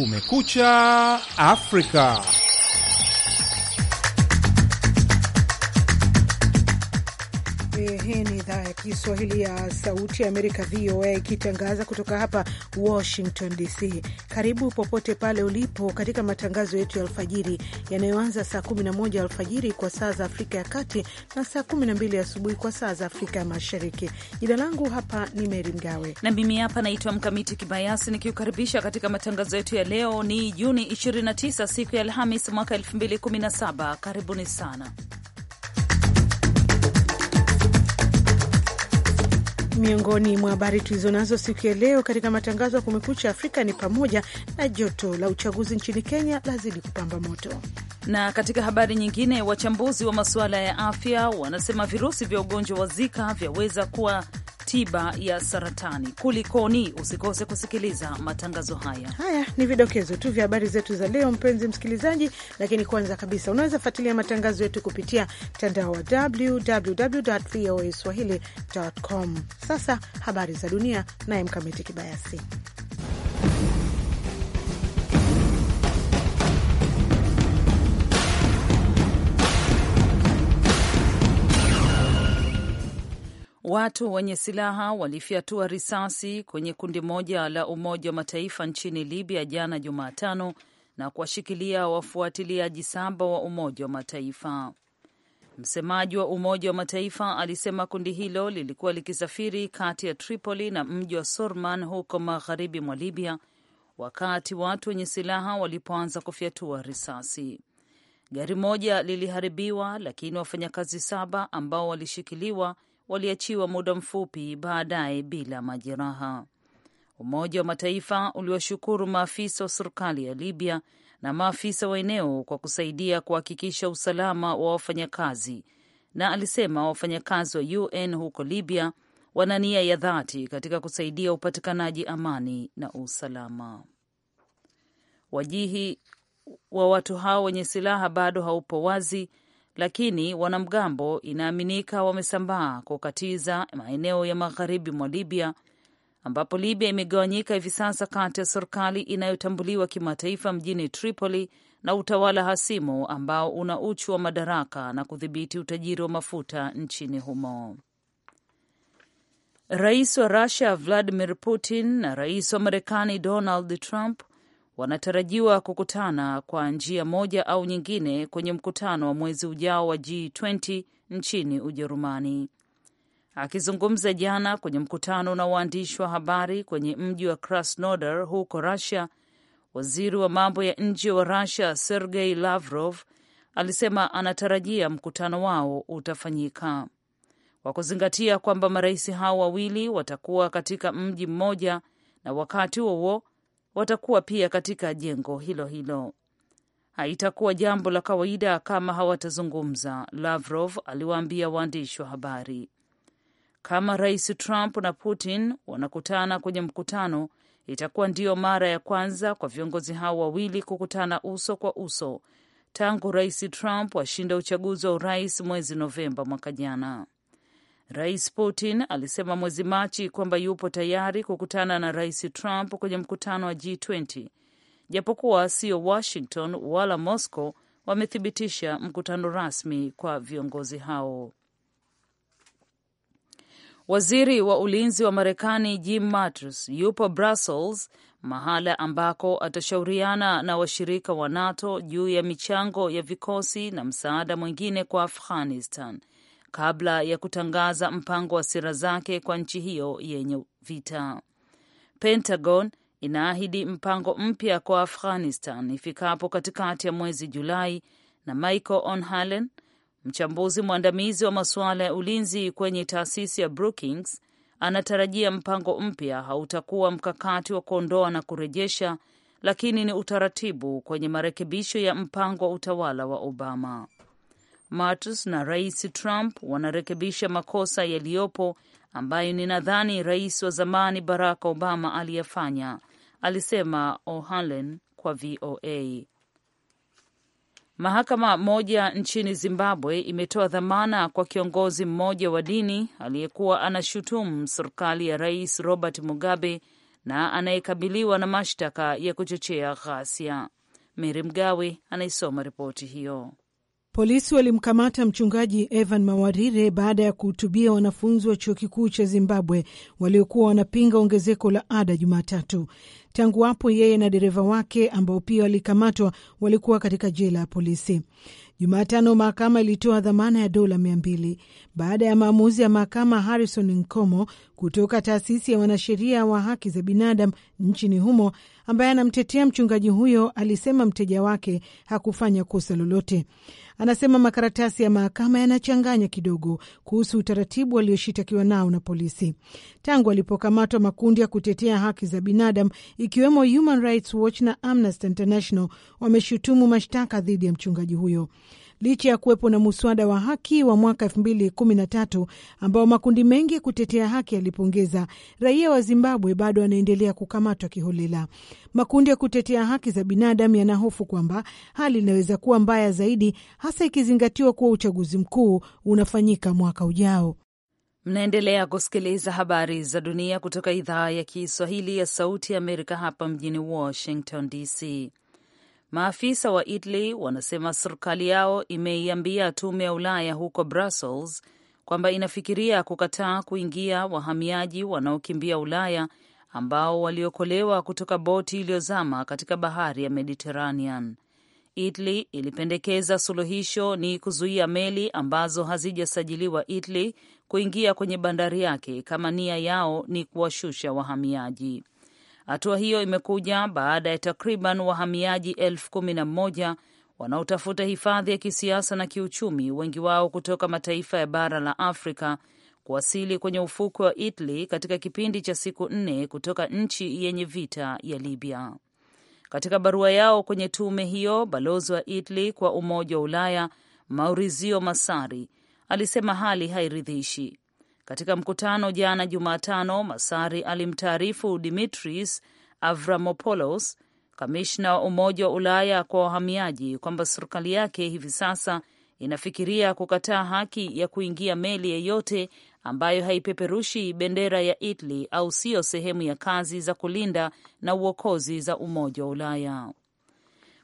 Kumekucha Afrika. Hii ni idhaa ya Kiswahili ya Sauti ya Amerika, VOA, ikitangaza kutoka hapa Washington DC. Karibu popote pale ulipo katika matangazo yetu ya alfajiri yanayoanza saa 11 alfajiri kwa saa za Afrika ya Kati na saa 12 asubuhi kwa saa za Afrika ya Mashariki. Jina langu hapa ni Meri Mgawe na mimi hapa naitwa Mkamiti Kibayasi, nikiukaribisha katika matangazo yetu ya leo. Ni Juni 29 siku ya Alhamis mwaka 2017. Karibuni sana Miongoni mwa habari tulizonazo siku ya leo katika matangazo ya Kumekucha Afrika ni pamoja na joto la uchaguzi nchini Kenya lazidi kupamba moto, na katika habari nyingine, wachambuzi wa masuala ya afya wanasema virusi vya ugonjwa wa Zika vyaweza kuwa tiba ya saratani. Kulikoni? Usikose kusikiliza matangazo haya. Haya ni vidokezo tu vya habari zetu za leo, mpenzi msikilizaji, lakini kwanza kabisa unaweza fuatilia matangazo yetu kupitia mtandao wa www.voaswahili.com. Sasa habari za dunia, naye Mkamiti Kibayasi. Watu wenye silaha walifyatua risasi kwenye kundi moja la Umoja wa Mataifa nchini Libya jana Jumatano na kuwashikilia wafuatiliaji saba wa Umoja wa Mataifa. Msemaji wa Umoja wa Mataifa alisema kundi hilo lilikuwa likisafiri kati ya Tripoli na mji wa Sorman huko magharibi mwa Libya wakati watu wenye silaha walipoanza kufyatua risasi. Gari moja liliharibiwa, lakini wafanyakazi saba ambao walishikiliwa waliachiwa muda mfupi baadaye bila majeraha. Umoja wa Mataifa uliwashukuru maafisa wa serikali ya Libya na maafisa wa eneo kwa kusaidia kuhakikisha usalama wa wafanyakazi, na alisema wafanyakazi wa UN huko Libya wana nia ya dhati katika kusaidia upatikanaji amani na usalama. Wajihi wa watu hao wenye silaha bado haupo wazi lakini wanamgambo inaaminika wamesambaa kukatiza maeneo ya magharibi mwa Libya, ambapo Libya imegawanyika hivi sasa kati ya serikali inayotambuliwa kimataifa mjini Tripoli na utawala hasimu ambao una uchu wa madaraka na kudhibiti utajiri wa mafuta nchini humo. Rais wa rusia Vladimir Putin na rais wa Marekani Donald Trump wanatarajiwa kukutana kwa njia moja au nyingine kwenye mkutano wa mwezi ujao wa G20 nchini Ujerumani. Akizungumza jana kwenye mkutano na waandishi wa habari kwenye mji wa Krasnodar huko Russia, waziri wa mambo ya nje wa Russia Sergei Lavrov alisema anatarajia mkutano wao utafanyika kwa kuzingatia kwamba marais hao wawili watakuwa katika mji mmoja na wakati huo watakuwa pia katika jengo hilo hilo. Haitakuwa jambo la kawaida kama hawatazungumza, Lavrov aliwaambia waandishi wa habari. Kama Rais Trump na Putin wanakutana kwenye mkutano, itakuwa ndiyo mara ya kwanza kwa viongozi hao wawili kukutana uso kwa uso tangu Rais Trump washinda uchaguzi wa urais mwezi Novemba mwaka jana. Rais Putin alisema mwezi Machi kwamba yupo tayari kukutana na Rais Trump kwenye mkutano wa G20 japokuwa sio Washington wala Moscow wamethibitisha mkutano rasmi kwa viongozi hao. Waziri wa ulinzi wa Marekani Jim Mattis yupo Brussels, mahala ambako atashauriana na washirika wa NATO juu ya michango ya vikosi na msaada mwingine kwa Afghanistan, kabla ya kutangaza mpango wa sera zake kwa nchi hiyo yenye vita. Pentagon inaahidi mpango mpya kwa Afghanistan ifikapo katikati ya mwezi Julai, na Michael Onhalen, mchambuzi mwandamizi wa masuala ya ulinzi kwenye taasisi ya Brookings, anatarajia mpango mpya hautakuwa mkakati wa kuondoa na kurejesha, lakini ni utaratibu kwenye marekebisho ya mpango wa utawala wa Obama. Mattis na Rais Trump wanarekebisha makosa yaliyopo ambayo ninadhani rais wa zamani Barack Obama aliyafanya, alisema O'Hanlon kwa VOA. Mahakama moja nchini Zimbabwe imetoa dhamana kwa kiongozi mmoja wa dini aliyekuwa anashutumu serikali ya Rais Robert Mugabe na anayekabiliwa na mashtaka ya kuchochea ghasia. Meri Mgawe anaisoma ripoti hiyo. Polisi walimkamata mchungaji Evan Mawarire baada ya kuhutubia wanafunzi wa chuo kikuu cha Zimbabwe waliokuwa wanapinga ongezeko la ada Jumatatu. Tangu hapo yeye na dereva wake ambao pia walikamatwa walikuwa katika jela ya polisi. Jumatano mahakama ilitoa dhamana ya dola mia mbili baada ya maamuzi ya mahakama Harrison Nkomo kutoka taasisi ya wanasheria wa haki za binadamu nchini humo ambaye anamtetea mchungaji huyo alisema mteja wake hakufanya kosa lolote. Anasema makaratasi ya mahakama yanachanganya kidogo kuhusu utaratibu walioshitakiwa nao na polisi. Tangu alipokamatwa, makundi ya kutetea haki za binadamu ikiwemo Human Rights Watch na Amnesty International wameshutumu mashtaka dhidi ya mchungaji huyo licha ya kuwepo na muswada wa haki wa mwaka tatu ambao makundi mengi ya kutetea haki yalipongeza, raia wa Zimbabwe bado anaendelea kukamatwa kiholela. Makundi ya kutetea haki za binadamu yanahofu kwamba hali inaweza kuwa mbaya zaidi, hasa ikizingatiwa kuwa uchaguzi mkuu unafanyika mwaka ujao. Mnaendelea kusikiliza habari za dunia kutoka idhaa ya Kiswahili ya Sauti ya Amerika hapa mjini Washington DC. Maafisa wa Italy wanasema serikali yao imeiambia tume ya Ulaya huko Brussels kwamba inafikiria kukataa kuingia wahamiaji wanaokimbia Ulaya ambao waliokolewa kutoka boti iliyozama katika bahari ya Mediterranean. Italy ilipendekeza suluhisho ni kuzuia meli ambazo hazijasajiliwa Italy kuingia kwenye bandari yake kama nia yao ni kuwashusha wahamiaji. Hatua hiyo imekuja baada ya takriban wahamiaji elfu kumi na moja wanaotafuta hifadhi ya kisiasa na kiuchumi, wengi wao kutoka mataifa ya bara la Afrika kuwasili kwenye ufukwe wa Italy katika kipindi cha siku nne kutoka nchi yenye vita ya Libya. Katika barua yao kwenye tume hiyo, balozi wa Italy kwa Umoja wa Ulaya Maurizio Masari alisema hali hairidhishi katika mkutano jana Jumatano, Masari alimtaarifu Dimitris Avramopoulos, kamishna wa Umoja wa Ulaya kwa wahamiaji, kwamba serikali yake hivi sasa inafikiria kukataa haki ya kuingia meli yeyote ambayo haipeperushi bendera ya Italy au siyo sehemu ya kazi za kulinda na uokozi za Umoja wa Ulaya.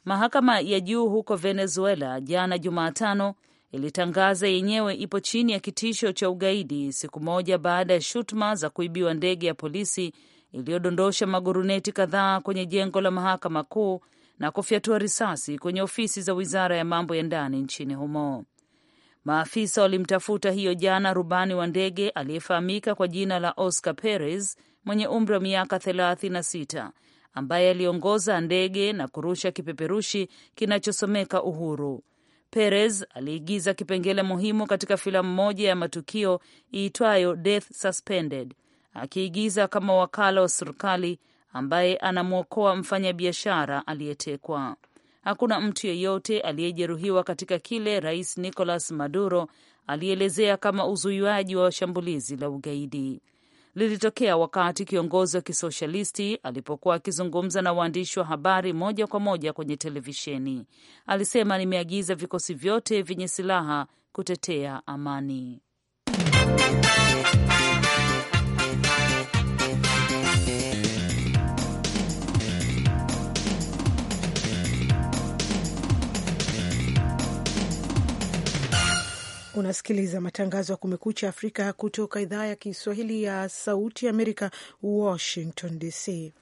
Mahakama ya juu huko Venezuela jana Jumatano ilitangaza yenyewe ipo chini ya kitisho cha ugaidi siku moja baada ya shutuma za kuibiwa ndege ya polisi iliyodondosha maguruneti kadhaa kwenye jengo la mahakama kuu na kufyatua risasi kwenye ofisi za wizara ya mambo ya ndani nchini humo. Maafisa walimtafuta hiyo jana rubani wa ndege aliyefahamika kwa jina la Oscar Perez mwenye umri wa miaka sita ambaye aliongoza ndege na kurusha kipeperushi kinachosomeka uhuru. Perez aliigiza kipengele muhimu katika filamu moja ya matukio iitwayo Death Suspended, akiigiza kama wakala wa serikali ambaye anamwokoa mfanyabiashara aliyetekwa. Hakuna mtu yeyote aliyejeruhiwa katika kile Rais Nicolas Maduro alielezea kama uzuiwaji wa shambulizi la ugaidi lilitokea wakati kiongozi wa kisoshalisti alipokuwa akizungumza na waandishi wa habari moja kwa moja kwenye televisheni. Alisema, nimeagiza vikosi vyote vyenye silaha kutetea amani. Unasikiliza matangazo ya Kumekucha Afrika kutoka idhaa ya Kiswahili ya Sauti ya Amerika, Washington DC.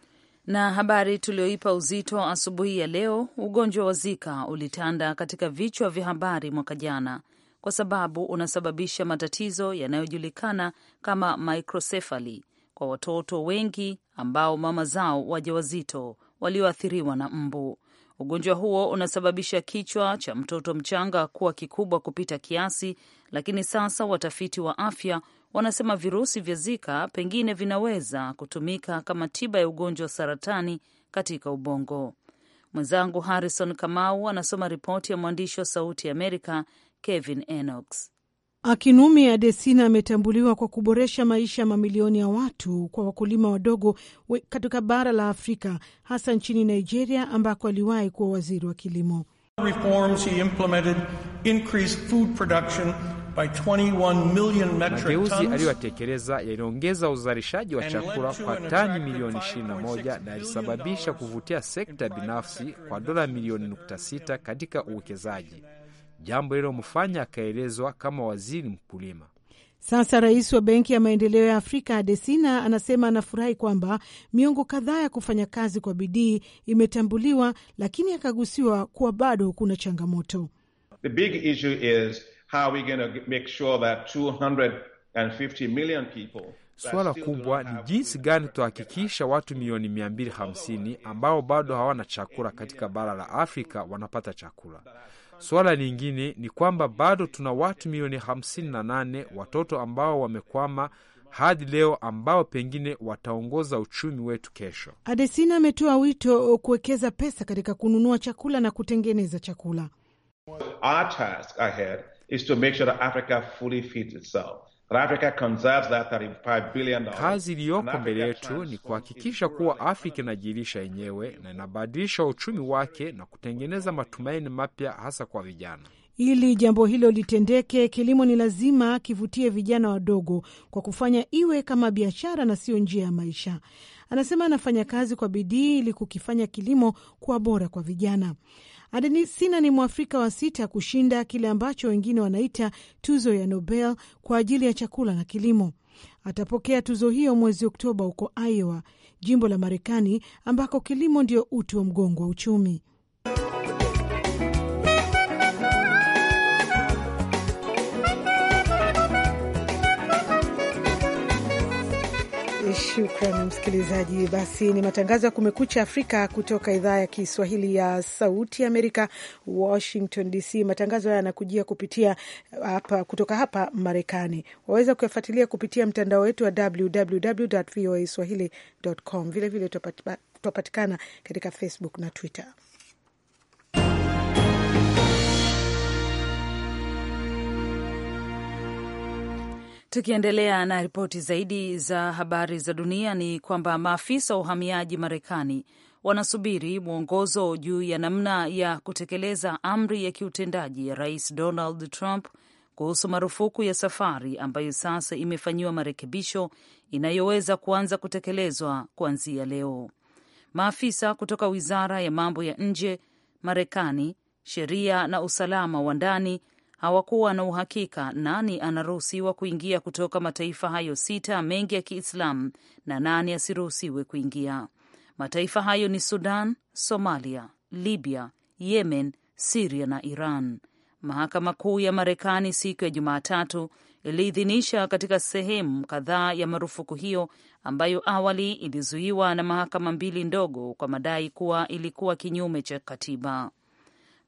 Na habari tulioipa uzito asubuhi ya leo, ugonjwa wa Zika ulitanda katika vichwa vya habari mwaka jana kwa sababu unasababisha matatizo yanayojulikana kama microsefali kwa watoto wengi ambao mama zao wajawazito walioathiriwa na mbu. Ugonjwa huo unasababisha kichwa cha mtoto mchanga kuwa kikubwa kupita kiasi, lakini sasa watafiti wa afya wanasema virusi vya Zika pengine vinaweza kutumika kama tiba ya ugonjwa wa saratani katika ubongo. Mwenzangu Harrison Kamau anasoma ripoti ya mwandishi wa Sauti ya Amerika Kevin Enox akinumi Adesina ametambuliwa kwa kuboresha maisha ya mamilioni ya watu kwa wakulima wadogo katika bara la Afrika, hasa nchini Nigeria ambako aliwahi kuwa waziri wa kilimo. Mageuzi aliyoyatekeleza yaliongeza uzalishaji wa chakula kwa tani milioni 21 na yalisababisha kuvutia sekta binafsi kwa dola milioni nukta sita katika uwekezaji jambo lililomfanya akaelezwa kama waziri mkulima. Sasa rais wa Benki ya Maendeleo ya Afrika Adesina anasema anafurahi kwamba miongo kadhaa ya kufanya kazi kwa bidii imetambuliwa, lakini akagusiwa kuwa bado kuna changamoto. The big issue is how we gonna make sure that 250 million people Suala kubwa ni jinsi gani tutahakikisha watu milioni 250 ambao bado hawana chakula katika bara la Afrika wanapata chakula. Suala lingine ni kwamba bado tuna watu milioni 58 watoto ambao wamekwama hadi leo ambao pengine wataongoza uchumi wetu kesho. Adesina ametoa wito kuwekeza pesa katika kununua chakula na kutengeneza chakula. Our task ahead is to make sure that Africa fully feeds itself. Kazi iliyoko mbele yetu ni kuhakikisha kuwa Afrika inajirisha yenyewe na inabadilisha uchumi wake na kutengeneza matumaini mapya hasa kwa vijana. Ili jambo hilo litendeke, kilimo ni lazima kivutie vijana wadogo kwa kufanya iwe kama biashara na siyo njia ya maisha. Anasema anafanya kazi kwa bidii ili kukifanya kilimo kuwa bora kwa vijana. Adesina ni Mwafrika wa sita kushinda kile ambacho wengine wanaita tuzo ya Nobel kwa ajili ya chakula na kilimo. Atapokea tuzo hiyo mwezi Oktoba huko Iowa, jimbo la Marekani ambako kilimo ndio uti wa mgongo wa uchumi. Shukran msikilizaji. Basi ni matangazo ya Kumekucha Afrika kutoka idhaa ya Kiswahili ya Sauti Amerika, Washington DC. Matangazo haya yanakujia kupitia hapa, kutoka hapa Marekani. Waweza kuyafuatilia kupitia mtandao wetu wa www voa swahili com. Vilevile twapatikana katika Facebook na Twitter. Tukiendelea na ripoti zaidi za habari za dunia ni kwamba maafisa wa uhamiaji Marekani wanasubiri mwongozo juu ya namna ya kutekeleza amri ya kiutendaji ya Rais Donald Trump kuhusu marufuku ya safari ambayo sasa imefanyiwa marekebisho inayoweza kuanza kutekelezwa kuanzia leo. Maafisa kutoka wizara ya mambo ya nje Marekani, sheria na usalama wa ndani hawakuwa na uhakika nani anaruhusiwa kuingia kutoka mataifa hayo sita mengi ya Kiislamu na nani asiruhusiwe kuingia. Mataifa hayo ni Sudan, Somalia, Libya, Yemen, Siria na Iran. Mahakama Kuu ya Marekani siku ya Jumatatu iliidhinisha katika sehemu kadhaa ya marufuku hiyo ambayo awali ilizuiwa na mahakama mbili ndogo kwa madai kuwa ilikuwa kinyume cha katiba.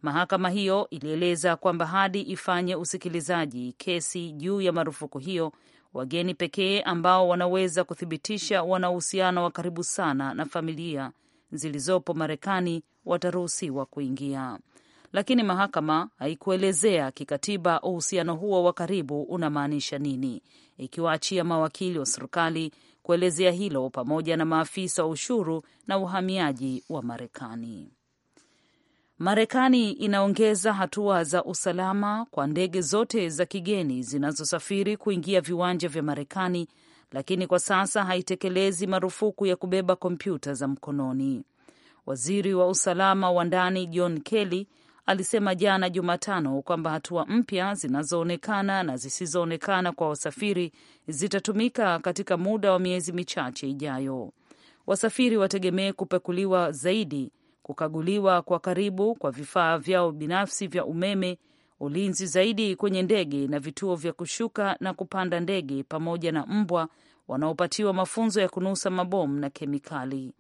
Mahakama hiyo ilieleza kwamba hadi ifanye usikilizaji kesi juu ya marufuku hiyo, wageni pekee ambao wanaweza kuthibitisha wana uhusiano wa karibu sana na familia zilizopo Marekani wataruhusiwa kuingia. Lakini mahakama haikuelezea kikatiba uhusiano huo wa karibu unamaanisha nini, ikiwaachia mawakili wa serikali kuelezea hilo pamoja na maafisa wa ushuru na uhamiaji wa Marekani. Marekani inaongeza hatua za usalama kwa ndege zote za kigeni zinazosafiri kuingia viwanja vya Marekani, lakini kwa sasa haitekelezi marufuku ya kubeba kompyuta za mkononi. Waziri wa usalama wa ndani John Kelly alisema jana Jumatano kwamba hatua mpya zinazoonekana na zisizoonekana kwa wasafiri zitatumika katika muda wa miezi michache ijayo. Wasafiri wategemee kupekuliwa zaidi kukaguliwa kwa karibu kwa vifaa vyao binafsi vya umeme, ulinzi zaidi kwenye ndege na vituo vya kushuka na kupanda ndege, pamoja na mbwa wanaopatiwa mafunzo ya kunusa mabomu na kemikali.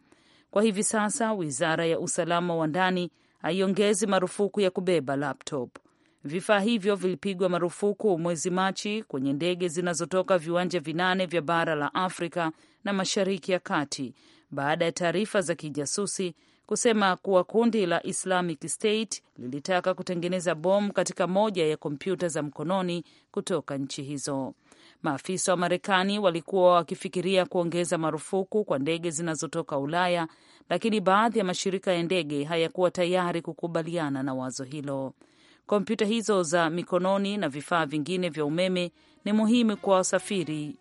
Kwa hivi sasa, wizara ya usalama wa ndani haiongezi marufuku ya kubeba laptop. Vifaa hivyo vilipigwa marufuku mwezi Machi kwenye ndege zinazotoka viwanja vinane vya bara la Afrika na Mashariki ya Kati baada ya taarifa za kijasusi kusema kuwa kundi la Islamic State lilitaka kutengeneza bomu katika moja ya kompyuta za mkononi kutoka nchi hizo. Maafisa wa Marekani walikuwa wakifikiria kuongeza marufuku kwa ndege zinazotoka Ulaya, lakini baadhi ya mashirika ya ndege hayakuwa tayari kukubaliana na wazo hilo. Kompyuta hizo za mikononi na vifaa vingine vya umeme ni muhimu kwa wasafiri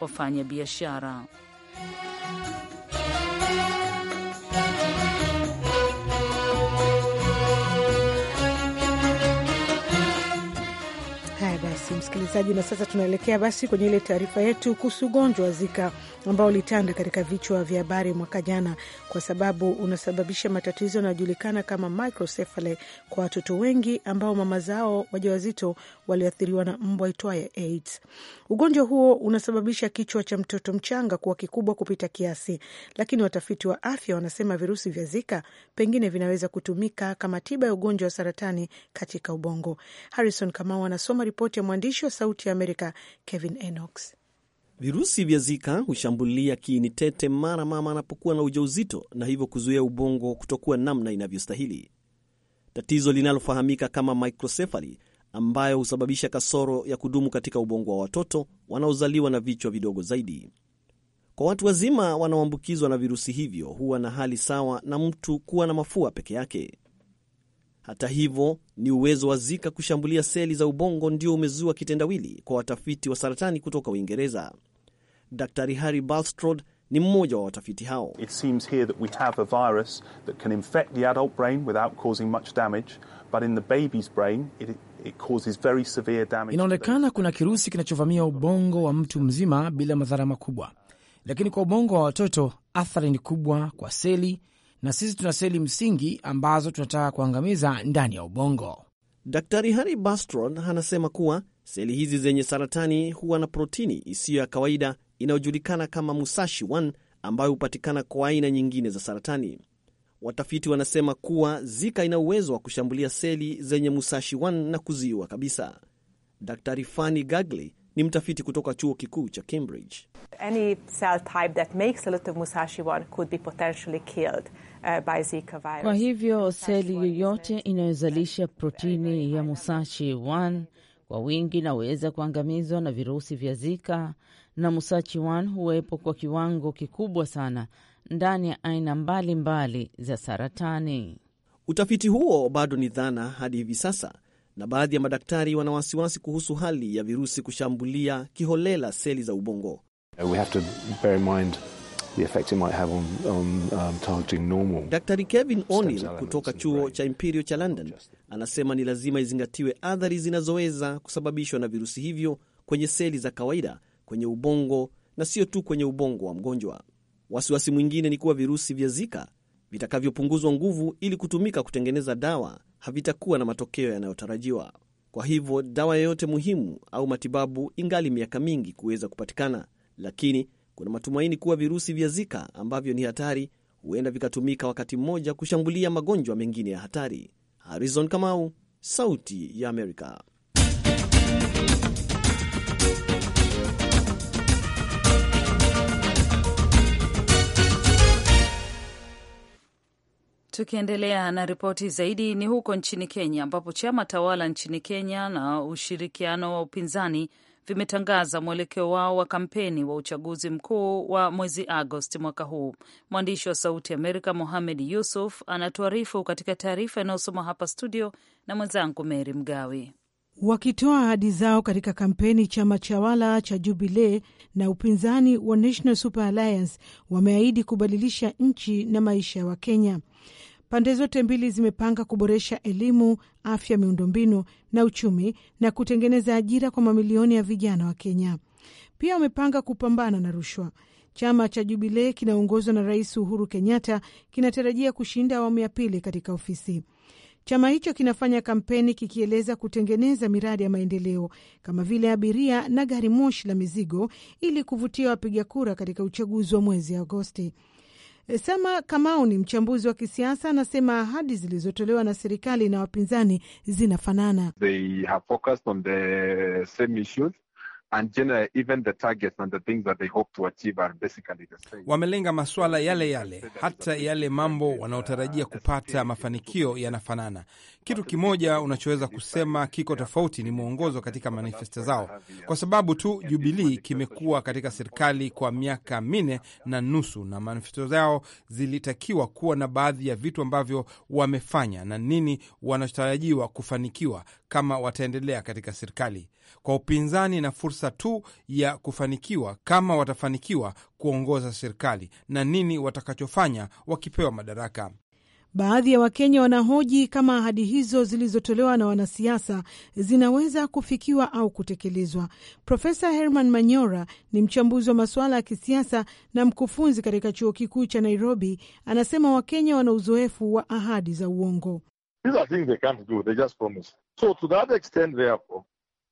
wafanya biashara. msikilizaji, na sasa tunaelekea basi kwenye ile taarifa yetu kuhusu ugonjwa wa Zika ambao ulitanda katika vichwa vya habari mwaka jana, kwa sababu unasababisha matatizo yanayojulikana kama microcephaly kwa watoto wengi ambao mama zao wajawazito waliathiriwa na mbwa itwaye AIDS. Ugonjwa huo unasababisha kichwa cha mtoto mchanga kuwa kikubwa kupita kiasi, lakini watafiti wa afya wanasema virusi vya Zika pengine vinaweza kutumika kama tiba ya ugonjwa wa saratani katika ubongo. Harrison Kamau anasoma ripoti ya mwandishi wa Sauti ya Amerika Kevin Enox. Virusi vya Zika hushambulia kiini tete mara mama anapokuwa na ujauzito na hivyo kuzuia ubongo kutokuwa namna inavyostahili. Tatizo linalofahamika kama microcephaly ambayo husababisha kasoro ya kudumu katika ubongo wa watoto wanaozaliwa na vichwa vidogo zaidi. Kwa watu wazima wanaoambukizwa na virusi hivyo huwa na hali sawa na mtu kuwa na mafua peke yake. Hata hivyo, ni uwezo wa Zika kushambulia seli za ubongo ndio umezua kitendawili kwa watafiti wa saratani kutoka Uingereza. Daktari Harry balstrod ni mmoja wa watafiti hao. Inaonekana kuna kirusi kinachovamia ubongo wa mtu mzima bila madhara makubwa, lakini kwa ubongo wa watoto athari ni kubwa kwa seli, na sisi tuna seli msingi ambazo tunataka kuangamiza ndani ya ubongo. Daktari Harry Bastron anasema kuwa seli hizi zenye saratani huwa na protini isiyo ya kawaida inayojulikana kama Musashi 1 ambayo hupatikana kwa aina nyingine za saratani. Watafiti wanasema kuwa Zika ina uwezo wa kushambulia seli zenye musashi 1 na kuziua kabisa. Daktari Fanny Gagley ni mtafiti kutoka chuo kikuu cha Cambridge. Any cell type that makes a lot of musashi 1 could be potentially killed uh, by Zika virus. Kwa hivyo seli yoyote inayozalisha protini ya musashi 1 kwa wingi inaweza kuangamizwa na virusi vya Zika, na musashi 1 huwepo kwa kiwango kikubwa sana ndani ya aina mbalimbali za saratani. Utafiti huo bado ni dhana hadi hivi sasa, na baadhi ya madaktari wana wasiwasi kuhusu hali ya virusi kushambulia kiholela seli za ubongo. On, on, um, Kevin O'Neill kutoka chuo cha Imperial cha London anasema ni lazima izingatiwe athari zinazoweza kusababishwa na virusi hivyo kwenye seli za kawaida kwenye ubongo na sio tu kwenye ubongo wa mgonjwa. Wasiwasi mwingine ni kuwa virusi vya Zika vitakavyopunguzwa nguvu ili kutumika kutengeneza dawa havitakuwa na matokeo yanayotarajiwa. Kwa hivyo dawa yoyote muhimu au matibabu ingali miaka mingi kuweza kupatikana, lakini kuna matumaini kuwa virusi vya Zika ambavyo ni hatari huenda vikatumika wakati mmoja kushambulia magonjwa mengine ya hatari. Harrison Kamau, Sauti ya Amerika. Tukiendelea na ripoti zaidi, ni huko nchini Kenya ambapo chama tawala nchini Kenya na ushirikiano wa upinzani vimetangaza mwelekeo wao wa kampeni wa uchaguzi mkuu wa mwezi Agosti mwaka huu. Mwandishi wa Sauti Amerika Mohamed Yusuf anatuarifu katika taarifa inayosoma hapa studio na mwenzangu Meri Mgawi. Wakitoa ahadi zao katika kampeni, chama chawala cha Jubilee na upinzani wa National Super Alliance wameahidi kubadilisha nchi na maisha ya Wakenya. Pande zote mbili zimepanga kuboresha elimu, afya, miundombinu na uchumi na kutengeneza ajira kwa mamilioni ya vijana wa Kenya. Pia wamepanga kupambana na rushwa. Chama cha Jubilee kinaongozwa na Rais Uhuru Kenyatta kinatarajia kushinda awamu ya pili katika ofisi. Chama hicho kinafanya kampeni kikieleza kutengeneza miradi ya maendeleo kama vile abiria na gari moshi la mizigo ili kuvutia wapiga kura katika uchaguzi wa mwezi Agosti. E, Sama Kamau ni mchambuzi wa kisiasa, anasema ahadi zilizotolewa na serikali na wapinzani zinafanana. They have focused on the same issues. And generally, even the targets and the things that they hope to achieve are basically the same. Wamelenga masuala yale yale, hata yale mambo uh, wanaotarajia kupata mafanikio yanafanana. Kitu kimoja unachoweza kusema kiko tofauti ni mwongozo katika manifesto zao, kwa sababu tu Jubilii kimekuwa katika serikali kwa miaka minne na nusu, na manifesto zao zilitakiwa kuwa na baadhi ya vitu ambavyo wamefanya na nini wanatarajiwa kufanikiwa kama wataendelea katika serikali, kwa upinzani na fursa tu ya kufanikiwa kama watafanikiwa kuongoza serikali na nini watakachofanya wakipewa madaraka. Baadhi ya Wakenya wanahoji kama ahadi hizo zilizotolewa na wanasiasa zinaweza kufikiwa au kutekelezwa. Profesa Herman Manyora ni mchambuzi wa masuala ya kisiasa na mkufunzi katika chuo kikuu cha Nairobi. Anasema Wakenya wana uzoefu wa ahadi za uongo. So to that extent, therefore,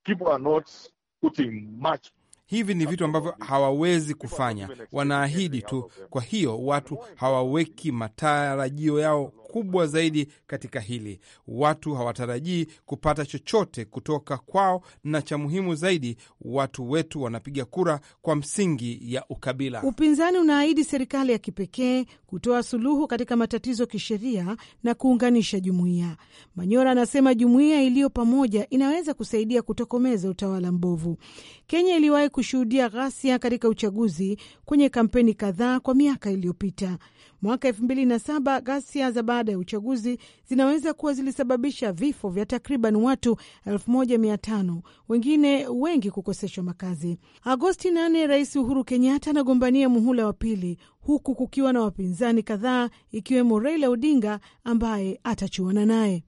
people are not putting much Hivi ni vitu ambavyo hawawezi kufanya, wanaahidi tu. Kwa hiyo watu hawaweki matarajio yao kubwa zaidi katika hili. Watu hawatarajii kupata chochote kutoka kwao, na cha muhimu zaidi, watu wetu wanapiga kura kwa msingi ya ukabila. Upinzani unaahidi serikali ya kipekee kutoa suluhu katika matatizo ya kisheria na kuunganisha jumuiya. Manyora anasema jumuiya iliyo pamoja inaweza kusaidia kutokomeza utawala mbovu. Kenya iliwahi kushuhudia ghasia katika uchaguzi kwenye kampeni kadhaa kwa miaka iliyopita. Mwaka elfu mbili na saba, ghasia za baada ya uchaguzi zinaweza kuwa zilisababisha vifo vya takriban watu elfu moja mia tano, wengine wengi kukoseshwa makazi. Agosti 8 Rais Uhuru Kenyatta anagombania muhula wa pili huku kukiwa na wapinzani kadhaa ikiwemo Raila Odinga ambaye atachuana naye.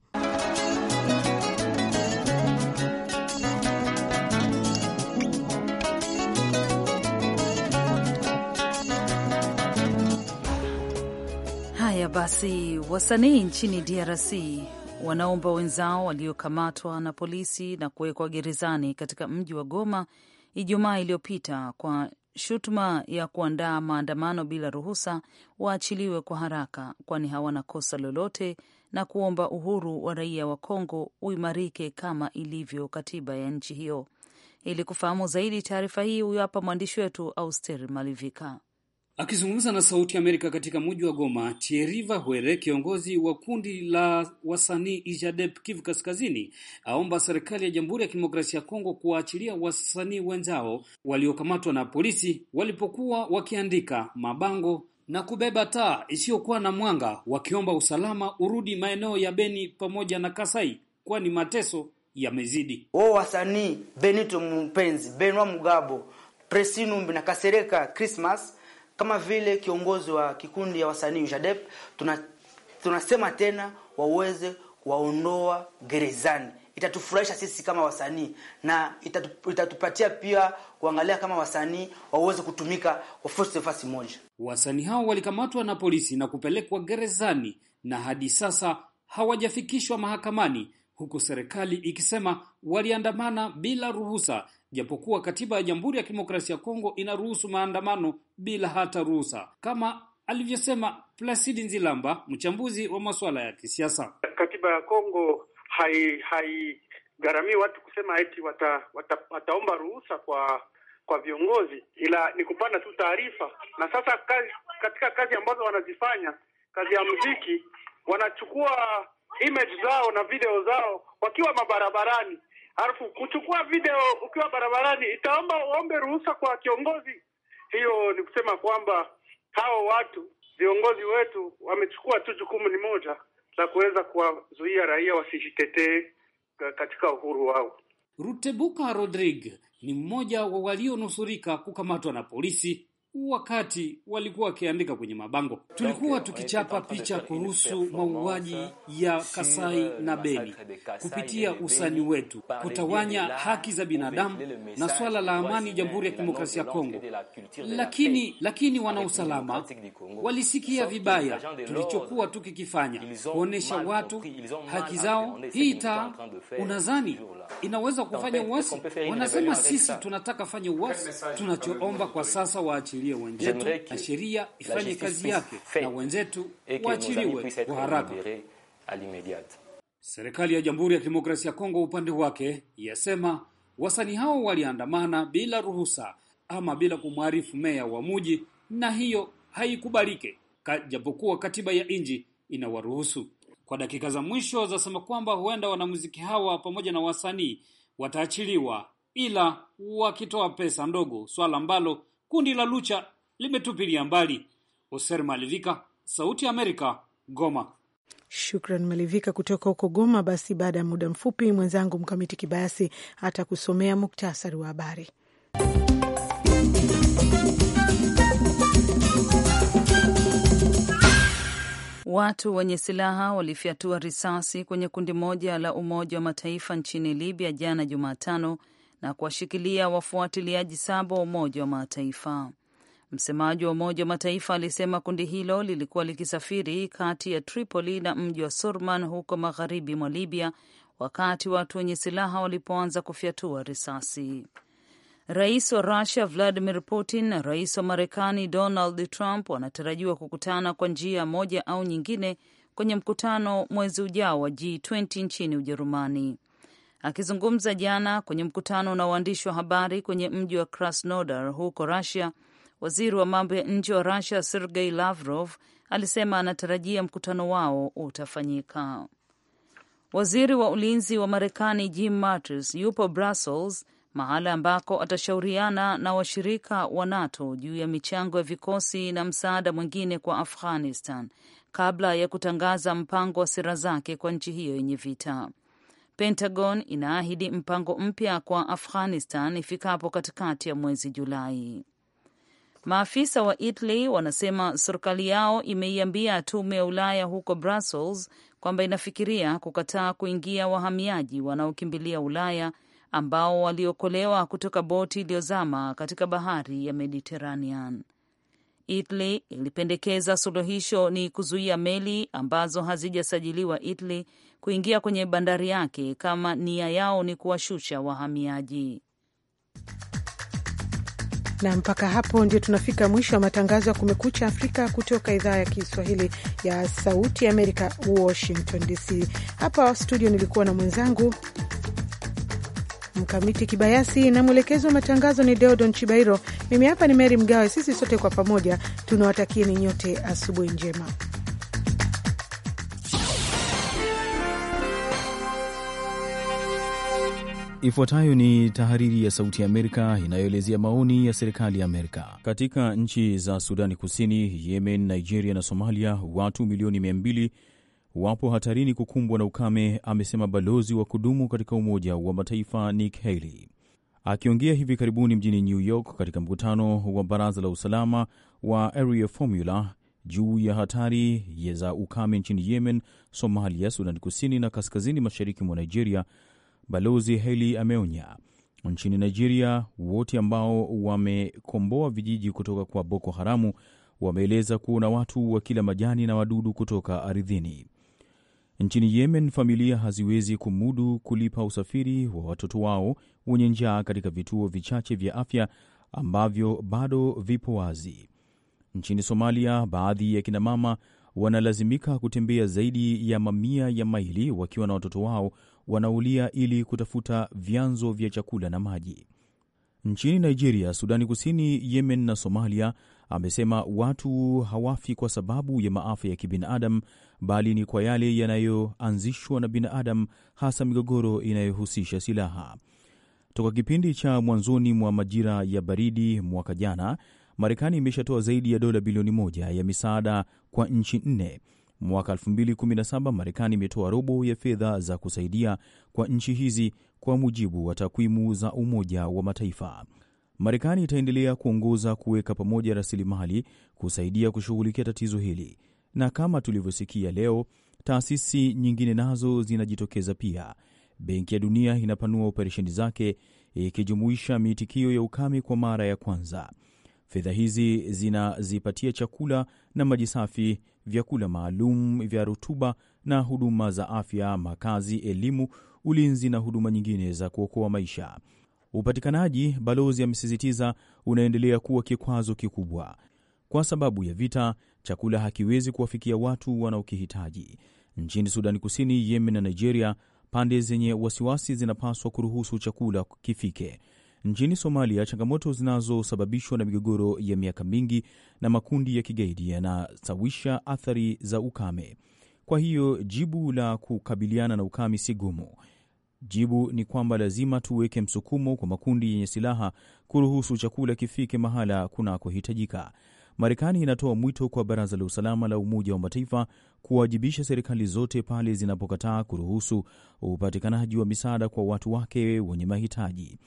basi, wasanii nchini DRC wanaomba wenzao waliokamatwa na polisi na kuwekwa gerezani katika mji wa Goma Ijumaa iliyopita kwa shutuma ya kuandaa maandamano bila ruhusa waachiliwe kwa haraka, kwani hawana kosa lolote na kuomba uhuru wa raia wa Kongo uimarike kama ilivyo katiba ya nchi hiyo. Ili kufahamu zaidi taarifa hii, huyo hapa mwandishi wetu Auster Malivika. Akizungumza na Sauti Amerika katika mji wa Goma, Thierry Vahwere, kiongozi wa kundi la wasanii Ijadep Kivu Kaskazini, aomba serikali ya Jamhuri ya Kidemokrasia ya Kongo kuwaachilia wasanii wenzao waliokamatwa na polisi walipokuwa wakiandika mabango na kubeba taa isiyokuwa na mwanga, wakiomba usalama urudi maeneo ya Beni pamoja na Kasai, kwani mateso yamezidi. o wasanii Benito Mpenzi, Benwa Mugabo, Presinumbi na Kasereka Christmas kama vile kiongozi wa kikundi ya wasanii Jadep, tuna tunasema tena waweze kuwaondoa gerezani. Itatufurahisha sisi kama wasanii na itatupatia pia kuangalia kama wasanii waweze kutumika kwa nafasi moja. Wasanii hao walikamatwa na polisi na kupelekwa gerezani na hadi sasa hawajafikishwa mahakamani, huku serikali ikisema waliandamana bila ruhusa japokuwa katiba ya Jamhuri ya Kidemokrasia ya Kongo inaruhusu maandamano bila hata ruhusa, kama alivyosema Placide Nzilamba, mchambuzi wa masuala ya kisiasa. Katiba ya Kongo hai haigharamii watu kusema eti wata, wata, wataomba ruhusa kwa kwa viongozi, ila ni kupana tu taarifa. Na sasa kazi, katika kazi ambazo wanazifanya kazi ya muziki, wanachukua image zao na video zao wakiwa mabarabarani Alafu kuchukua video ukiwa barabarani itaomba uombe ruhusa kwa kiongozi. Hiyo ni kusema kwamba hao watu viongozi wetu wamechukua tu jukumu ni moja la kuweza kuwazuia raia wasijitetee katika uhuru wao. Rutebuka Rodrigue ni mmoja wa walionusurika kukamatwa na polisi wakati walikuwa wakiandika kwenye mabango. Tulikuwa tukichapa picha kuhusu mauaji ya Kasai na Beni kupitia usani wetu, kutawanya haki za binadamu na swala la amani Jamhuri ya Kidemokrasia ya Kongo, lakini lakini wanausalama walisikia vibaya tulichokuwa tukikifanya, kuonesha watu haki zao. Hii taa unazani inaweza kufanya uasi? Wanasema sisi tunataka fanya uasi, tunachoomba kwa sasa waachi kuachilia wenzetu na sheria ifanye kazi yake na wenzetu waachiliwe kwa haraka. Serikali ya Jamhuri ya Kidemokrasia ya Kongo upande wake yasema wasanii hao waliandamana bila ruhusa ama bila kumwarifu meya wa muji, na hiyo haikubalike, japokuwa katiba ya nchi inawaruhusu. Kwa dakika za mwisho zasema kwamba huenda wanamuziki hawa pamoja na wasanii wataachiliwa ila wakitoa pesa ndogo, swala ambalo kundi la Lucha limetupilia mbali. Oser Malivika, Sauti ya Amerika, Goma. Shukran Malivika kutoka huko Goma. Basi baada ya muda mfupi mwenzangu Mkamiti Kibayasi atakusomea muktasari wa habari. Watu wenye silaha walifyatua risasi kwenye kundi moja la Umoja wa Mataifa nchini Libya jana Jumatano na kuwashikilia wafuatiliaji saba wa Umoja wa Mataifa. Msemaji wa Umoja wa Mataifa alisema kundi hilo lilikuwa likisafiri kati ya Tripoli na mji wa Surman huko magharibi mwa Libya wakati watu wenye silaha walipoanza kufyatua risasi. Rais wa Rusia Vladimir Putin na rais wa Marekani Donald Trump wanatarajiwa kukutana kwa njia moja au nyingine kwenye mkutano mwezi ujao wa G20 nchini Ujerumani. Akizungumza jana kwenye mkutano na waandishi wa habari kwenye mji wa Krasnodar huko Russia, waziri wa mambo ya nje wa Russia Sergei Lavrov alisema anatarajia mkutano wao utafanyika. Waziri wa ulinzi wa Marekani Jim Mattis yupo Brussels, mahala ambako atashauriana na washirika wa NATO juu ya michango ya vikosi na msaada mwingine kwa Afghanistan kabla ya kutangaza mpango wa sera zake kwa nchi hiyo yenye vita. Pentagon inaahidi mpango mpya kwa Afghanistan ifikapo katikati ya mwezi Julai. Maafisa wa Italy wanasema serikali yao imeiambia tume ya Ulaya huko Brussels kwamba inafikiria kukataa kuingia wahamiaji wanaokimbilia Ulaya ambao waliokolewa kutoka boti iliyozama katika bahari ya Mediterranean. Italy ilipendekeza suluhisho ni kuzuia meli ambazo hazijasajiliwa Italy kuingia kwenye bandari yake kama nia yao ni kuwashusha wahamiaji. Na mpaka hapo ndio tunafika mwisho wa matangazo ya Kumekucha Afrika kutoka idhaa ya Kiswahili ya Sauti Amerika, Washington DC. Hapa studio nilikuwa na mwenzangu Mkamiti Kibayasi na mwelekezi wa matangazo ni Deodon Chibairo. Mimi hapa ni Meri Mgawe. Sisi sote kwa pamoja tunawatakieni nyote asubuhi njema. Ifuatayo ni tahariri ya Sauti ya Amerika inayoelezea maoni ya serikali ya Amerika. Katika nchi za Sudani Kusini, Yemen, Nigeria na Somalia, watu milioni mia mbili wapo hatarini kukumbwa na ukame, amesema balozi wa kudumu katika Umoja wa Mataifa nick Haley akiongea hivi karibuni mjini New York katika mkutano wa Baraza la Usalama wa Area Formula juu ya hatari za ukame nchini Yemen, Somalia, Sudan Kusini na kaskazini mashariki mwa Nigeria. Balozi Haley ameonya nchini Nigeria, wote ambao wamekomboa vijiji kutoka kwa Boko Haramu wameeleza kuona watu wa kila majani na wadudu kutoka ardhini. Nchini Yemen, familia haziwezi kumudu kulipa usafiri wa watoto wao wenye njaa katika vituo vichache vya afya ambavyo bado vipo wazi. Nchini Somalia, baadhi ya kinamama wanalazimika kutembea zaidi ya mamia ya maili wakiwa na watoto wao wanaulia ili kutafuta vyanzo vya chakula na maji. Nchini Nigeria, Sudani Kusini, Yemen na Somalia, amesema watu hawafi kwa sababu ya maafa ya kibinadamu, bali ni kwa yale yanayoanzishwa na binadamu, hasa migogoro inayohusisha silaha. Toka kipindi cha mwanzoni mwa majira ya baridi mwaka jana, Marekani imeshatoa zaidi ya dola bilioni moja ya misaada kwa nchi nne. Mwaka 2017 Marekani imetoa robo ya fedha za kusaidia kwa nchi hizi, kwa mujibu wa takwimu za Umoja wa Mataifa. Marekani itaendelea kuongoza kuweka pamoja rasilimali kusaidia kushughulikia tatizo hili, na kama tulivyosikia leo, taasisi nyingine nazo zinajitokeza pia. Benki ya Dunia inapanua operesheni zake ikijumuisha miitikio ya ukame kwa mara ya kwanza. Fedha hizi zinazipatia chakula na maji safi, vyakula maalum vya rutuba, na huduma za afya, makazi, elimu, ulinzi na huduma nyingine za kuokoa maisha. Upatikanaji, balozi amesisitiza, unaendelea kuwa kikwazo kikubwa. Kwa sababu ya vita, chakula hakiwezi kuwafikia watu wanaokihitaji nchini Sudani Kusini, Yemen na Nigeria. Pande zenye wasiwasi zinapaswa kuruhusu chakula kifike. Nchini Somalia, changamoto zinazosababishwa na migogoro ya miaka mingi na makundi ya kigaidi yanasawisha athari za ukame. Kwa hiyo jibu la kukabiliana na ukame si gumu. Jibu ni kwamba lazima tuweke msukumo kwa makundi yenye silaha kuruhusu chakula kifike mahala kunakohitajika. Marekani inatoa mwito kwa Baraza la Usalama la Umoja wa Mataifa kuwajibisha serikali zote pale zinapokataa kuruhusu upatikanaji wa misaada kwa watu wake wenye mahitaji.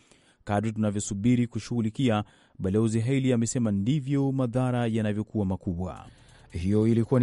Kadri tunavyosubiri kushughulikia, Balozi Haley amesema, ndivyo madhara yanavyokuwa makubwa. Hiyo ilikuwa ni